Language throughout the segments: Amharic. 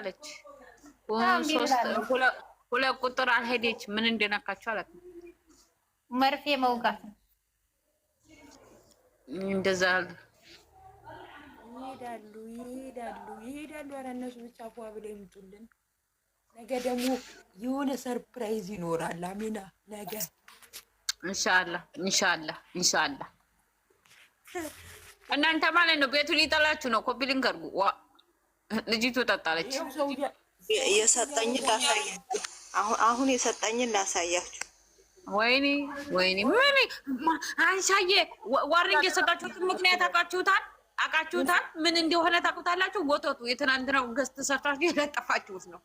አለች ሁለት ቁጥር አልሄደች። ምን እንደነካቸው አላት። መርፌ መውጋት እንደዛ ይሄዳሉ ይሄዳሉ ይሄዳሉ። ኧረ እነሱ ብቻ ፏ ብለው ይምጡልን። ነገ ደግሞ የሆነ ሰርፕራይዝ ይኖራል። አሚና ነገ እንሻላ እንሻላ እንሻላ እናንተ ማለት ነው ቤቱ ሊጠላችሁ ነው። ኮፒ ሊንክ ዋ ልጅቱ ጠጣለች። የሰጠኝ ላሳያችሁ፣ አሁን የሰጠኝን ላሳያችሁ። ወይኔ ወይኔ፣ ምን አንሻዬ ዋርንግ የሰጣችሁትን ምክንያት አውቃችሁታል፣ አውቃችሁታል። ምን እንደሆነ ታውቁታላችሁ። ወተቱ የትናንትናው ገዝ ተሰርታችሁ የለጠፋችሁት ነው።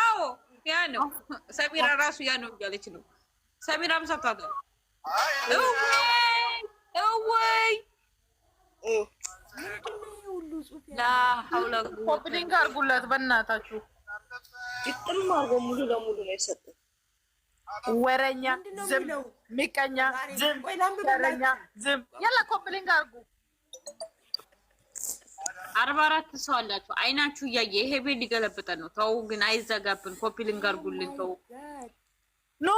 አዎ ያ ነው። ሰሚራ ራሱ ያ ነው እያለች ነው። ሰሚራም ሰብታታል። ኮፒሊንክ አርጉለት በእናታችሁ። ግጥም ሙሉ ለሙሉ ነው ወረኛ ዝም፣ ምቀኛ ዝም፣ ወረኛ ዝም። ያለ ኮፒሊንክ አድርጉ። አርባ አራት ሰው አላችሁ። አይናችሁ እያየ ይሄ ቤት ሊገለብጠን ነው። ተው ግን አይዘጋብን። ተው ኑ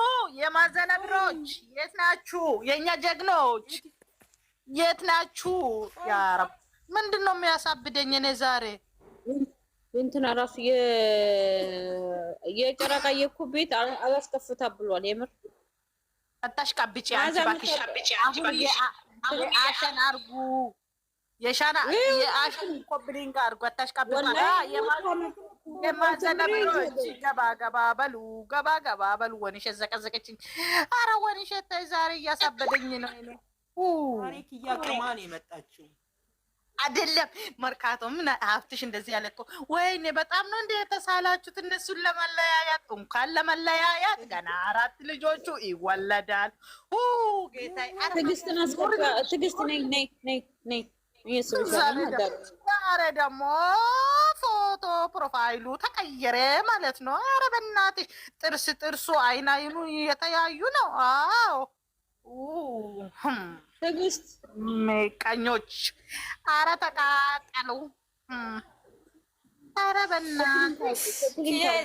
የማዘነብሮች የት ናችሁ? የእኛ ጀግኖች የት ናችሁ? ያረብ ምንድን ነው የሚያሳብደኝ? እኔ ዛሬ እንትና ራሱ የጨረቃ የኩ ቤት አላስከፍታ ብሏል። የምር አታሽቃብጪ አንቺ አርጉ የሻና የአሽን ኮብሊንግ አርጉ። አታሽቃብጪ የማዘነበሮች ገባ ገባ በሉ ገባ ገባ በሉ። ወንሸ ዘቀዘቀችኝ። አረ ወንሸ ታይ ዛሬ እያሳበደኝ ነው። እኔ ታሪክ እያቅማን የመጣችው አይደለም መርካቶ ምን ሀብትሽ እንደዚህ ያለ እኮ ወይኔ፣ በጣም ነው እንደ የተሳላችሁት እነሱን ለመለያያት። እንኳን ለመለያያት ገና አራት ልጆቹ ይወለዳል። ጌታ ደግሞ ፎቶ ፕሮፋይሉ ተቀየረ ማለት ነው። ኧረ በእናትሽ ጥርስ ጥርሱ አይናይኑ እየተያዩ ነው። አዎ ትዕግስት ምቀኞች፣ አረ ተቃጠሉ። አረ በእናትሽ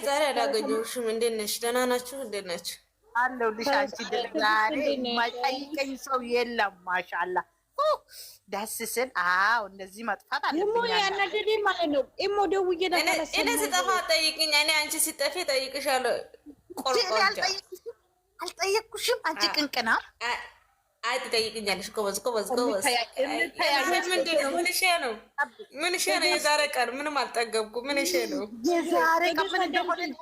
ዛሬ አላገኘሁሽም። እንዴት ነሽ? ደህና ናችሁ? እንዴት ናችሁ? አለሁልሽ። አንቺ ዛሬ መጠይቀኝ ሰው የለም። ማሻላ ደስ ስል አዎ፣ እንደዚህ መጥፋት አለ እሞ ያናደደኝ ማለት ነው። እሞ ደውዬ እኔ ስጠፋ ጠይቅኝ። እኔ አንቺ ስጠፊ ጠይቅሻለሁ። ቆርቆ አልጠየቅኩሽም። አንቺ ቅንቅና አይ ትጠይቅኛለሽ። ጎበዝ ጎበዝ ጎበዝ። ነው ነው? የዛሬ ቀን ምንም አልጠገብኩ። ነው የዛሬ ቀን ምን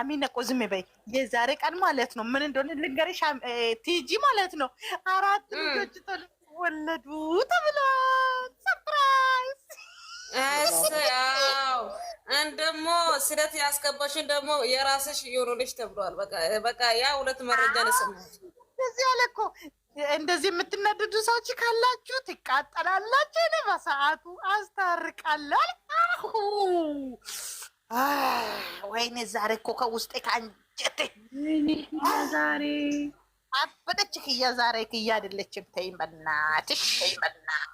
አሚን ዝም በይ። የዛሬ ቀን ማለት ነው ምን እንደሆነ ልንገርሽ። ቲጂ ማለት ነው አራት ልጆች ወለዱ ተብሏል። እንደሞ ስለት ያስገባሽን ደግሞ የራስሽ የሆነልሽ ተብሏል። በቃ ያ ሁለት መረጃ ነስም እዚህ አለ እኮ እንደዚህ የምትናደዱ ሰዎች ካላችሁ ትቃጠላላችሁ። እኔ በሰዓቱ አስታርቃለሁ። አሁ ወይኔ ዛሬ እኮ ከውስጤ ከአንጀቴ ዛሬ አበደች ክያ ዛሬ ክያ አይደለችም። ተይ በናትሽ፣ ተይ በናትሽ።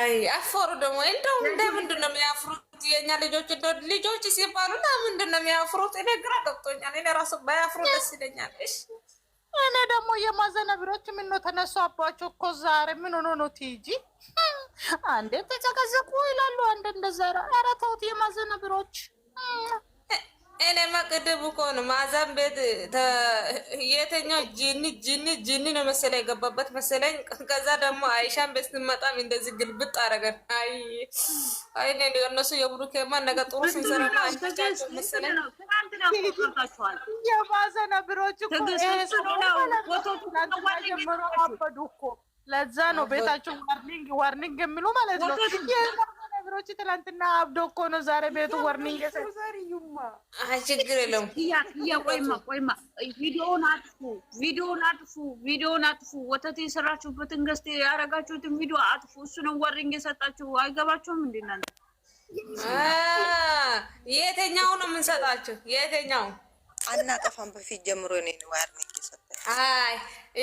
አይ አፈሩ ደግሞ እንደው እንደምንድን ነው የሚያፍሩት? የእኛ ልጆች ልጆች ሲባሉ ና ምንድን ነው የሚያፍሩት? እኔ ግራ ገብቶኛል። እኔ ራሱ ባያፍሩ ደስ ይለኛል። እኔ ደግሞ የማዘነብሮች ነው ተነሱ አባቸው እኮ ዛሬ ምን ሆኖ ነው ቲጂ አንዴ ተጨቀዘቁ ይላሉ፣ አንድ እንደዛ። ኧረ ተውት የማዘነብሮች እኔማ ቅድም እኮ ነው ማዘን ቤት የተኛው ጂኒ ጂኒ ጂኒ ነው መሰለኝ የገባበት መሰለኝ። ከዛ ደግሞ አይሻን ቤት ስንመጣም እንደዚህ ግልብጥ አረገን። አይ አይ እነሱ የብሩኬማ ነገ ጥሩ ስንሰራ የባሰነ ብሮች ጀምሮ አበዱ እኮ ለዛ ነው ቤታቸው ዋርኒንግ ዋርኒንግ የሚሉ ማለት ነው። ብሮች ትላንትና አብዶ እኮ ነው። ዛሬ ቤቱ ወርኒንግ ችግር የለውም። ቆይማ ቆይማ፣ ቪዲዮን አጥፉ፣ ቪዲዮን አጥፉ፣ ቪዲዮን አጥፉ። ወተት የሰራችሁበትን ገዝት ያደረጋችሁትን ቪዲዮ አጥፉ። እሱ ነው ወርኒንግ የሰጣችሁ። አይገባችሁም። እንዲናለ የተኛው ነው የምንሰጣችሁ? የተኛው አናጠፋም። በፊት ጀምሮ ነው ዋርኒንግ የሰጠ። አይ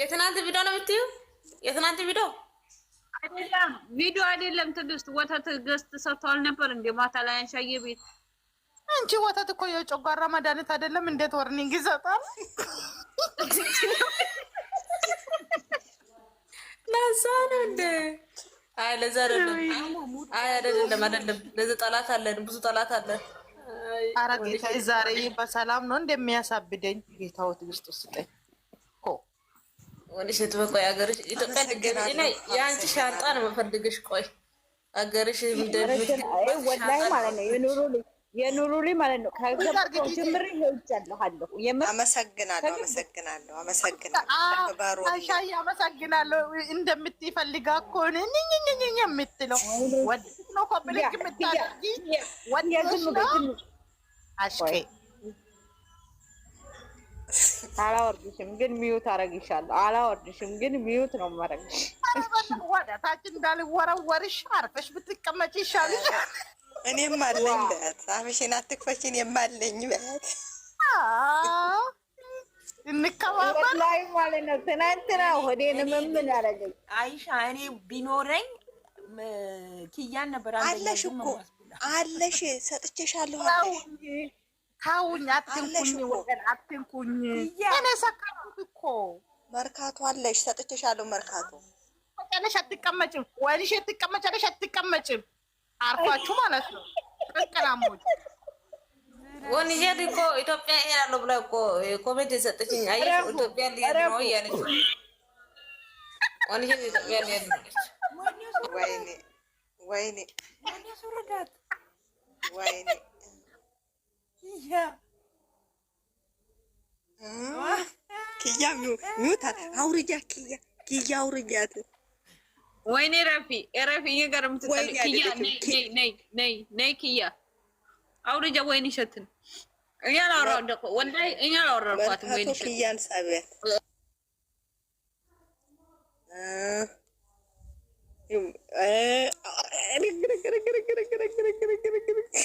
የትናንት ቪዲዮ ነው የምትዩ? የትናንት ቪዲዮ አይደለም ቪዲዮ አይደለም። ትዕግስት ወተት ገዝት ሰጥተዋል ነበር እንደ ማታ ላይ አንሻየ ቤት። አንቺ ወተት እኮ የጨጓራ መድኃኒት አይደለም። እንዴት ወርኒንግ ይሰጣል? ለዛ ነው እንደ አይ ለዛ አይደለም፣ አይ አይደለም፣ አይደለም። ለዛ ጠላት አለን፣ ብዙ ጠላት አለን። ኧረ ጌታ ዛሬ በሰላም ነው እንደሚያሳብደኝ ጌታው ትዕግስት ውስጠኝ ወደ ሴት በቆይ ሀገርሽ ኢትዮጵያ ድገሪ ላይ የአንቺ ሻንጣ ነው መፈልግሽ። ቆይ ሀገርሽ ወላይ ማለት ነው የኑሩሪ ማለት ነው ጀምር ይሄጃለሁ። አመሰግናለሁ፣ አመሰግናለሁ፣ አመሰግናለሁ። አሻዬ አመሰግናለሁ። እንደምትይ ፈልጋ እኮ የምትለው ወደ ነው ኮምፕሊክ የምታደርጊ ወደ ነው አሽቄ አላወርድሽም ግን ሚዩት አረግሻለሁ። አላወርድሽም ግን ሚዩት ነው ማረግሽ። ወደ ታች እንዳልወረወርሽ አርፈሽ ብትቀመጭ ይሻልሻል። እኔም አለኝ በት አፍሽን አትክፈሽን የማለኝ በት እንከባበር ላይ ማለት ነው። ትናንትና ሆዴን ምምን ያደረገኝ አይሻ እኔ ቢኖረኝ ክያን ነበር አለሽ እኮ አለሽ ሰጥቼሻለሁ አለሽ ታውኝ አትንኩኝ፣ ወገን አትንኩኝ። እኔ ሰካሁት እኮ መርካቶ አለሽ፣ ሰጥቼሻለሁ። መርካቶ ነሽ አትቀመጭም፣ ወይንሽ ትቀመጫለሽ፣ አትቀመጭም። አርፋችሁ ማለት ነው። ቅቅላሞች ወንጀል እኮ ኢትዮጵያ እሄዳለሁ ብላ እኮ ኮሜንት የሰጠችኝ አየሁ። ኢትዮጵያ ልሄድ ነው እያለች ወንጀል ኢትዮጵያ ልሄድ ነው። ወይኔ ወይኔ ወይኔ ኪያ ሚውታት አውርጃ ኪያ ኪያ አውርጃት። ወይኔ ረፊ ረፊ ኪያ ነይ ነይ ነይ ኪያ አውርጃ። ወይኔ ሸትን እኛ ወይኔ ሸት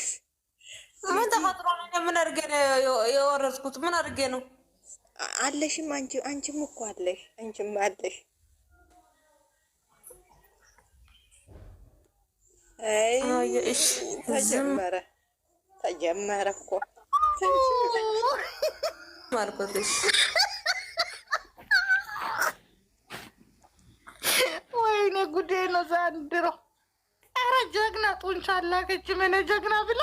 እ ምን ተፈጥሮ ነው? ምን አድርገን የወረስኩት? ምን አድርጌ ነው? አለሽም አንቺ አንቺም እኮ አለሽ፣ አንቺም አለሽ። አይ ተጀመረ ተጀመረ እኮ ወይኔ ጉዴ ነው ዘንድሮ። ኧረ ጀግና ጡንቻ አላከች መነ ጀግና ብላ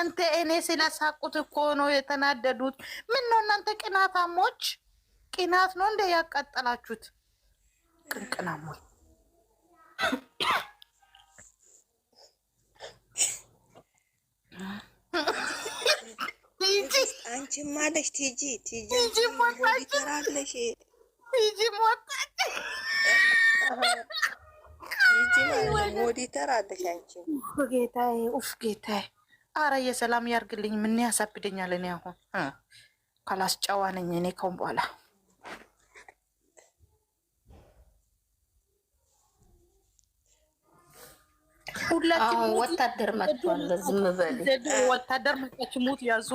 እናንተ እኔ ስለሳቁት እኮ ነው የተናደዱት። ምን ነው እናንተ ቅናታሞች፣ ቅናት ነው እንደ ያቃጠላችሁት ቅንቅናሞች። አንቺ ማለሽ ቲጂ ቲጂ ሞታለሽ ቲጂ ሞታች ሞዲተር አለሽ አንቺ ጌታዬ፣ ኡፍ ጌታዬ አረ የሰላም ያርግልኝ። ምን ያሳብደኛል? እኔ አሁን ካላስጨዋ ነኝ እኔ ከሁን በኋላ ሁላችሁም ወታደር መጥቷል። ዝም በል ወታደር መጥቷችሁ ሙት ያዙ።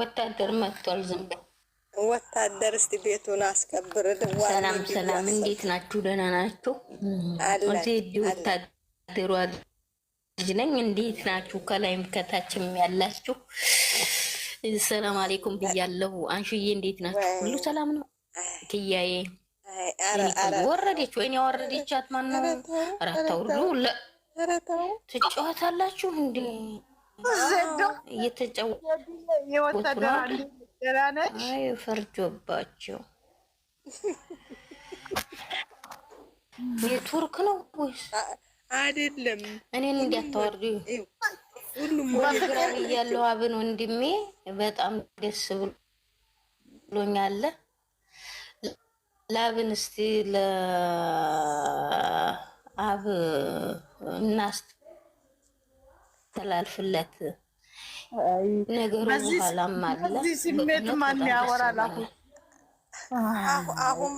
ወታደር መጥቷል። ዝም በል ወታደር። እስቲ ቤቱን አስከብር። ሰላም ሰላም፣ እንዴት ናችሁ? ደህና ናችሁ? ወታደሩ አለ ልጅ ነኝ። እንዴት ናችሁ? ከላይም ከታችም ያላችሁ ሰላም አሌይኩም ብያለሁ። አንሹዬ እንዴት ናችሁ? ሁሉ ሰላም ነው? ክያዬ ወረደች ወይኔ ያወረደቻት ማን ነው? አራት አውርዱ ትጫወታላችሁ እንዴ? እየተጫወቱ ፈርጆባቸው የቱርክ ነው ወይስ አይደለም እኔን እንዲያታወርዱ በፍቅር እያለሁ አብን ወንድሜ በጣም ደስ ብሎኛል። ለአብን እስቲ ለአብ ተላልፍለት ነገሩ በኋላም አለ ስሜት ማን ያወራል አሁን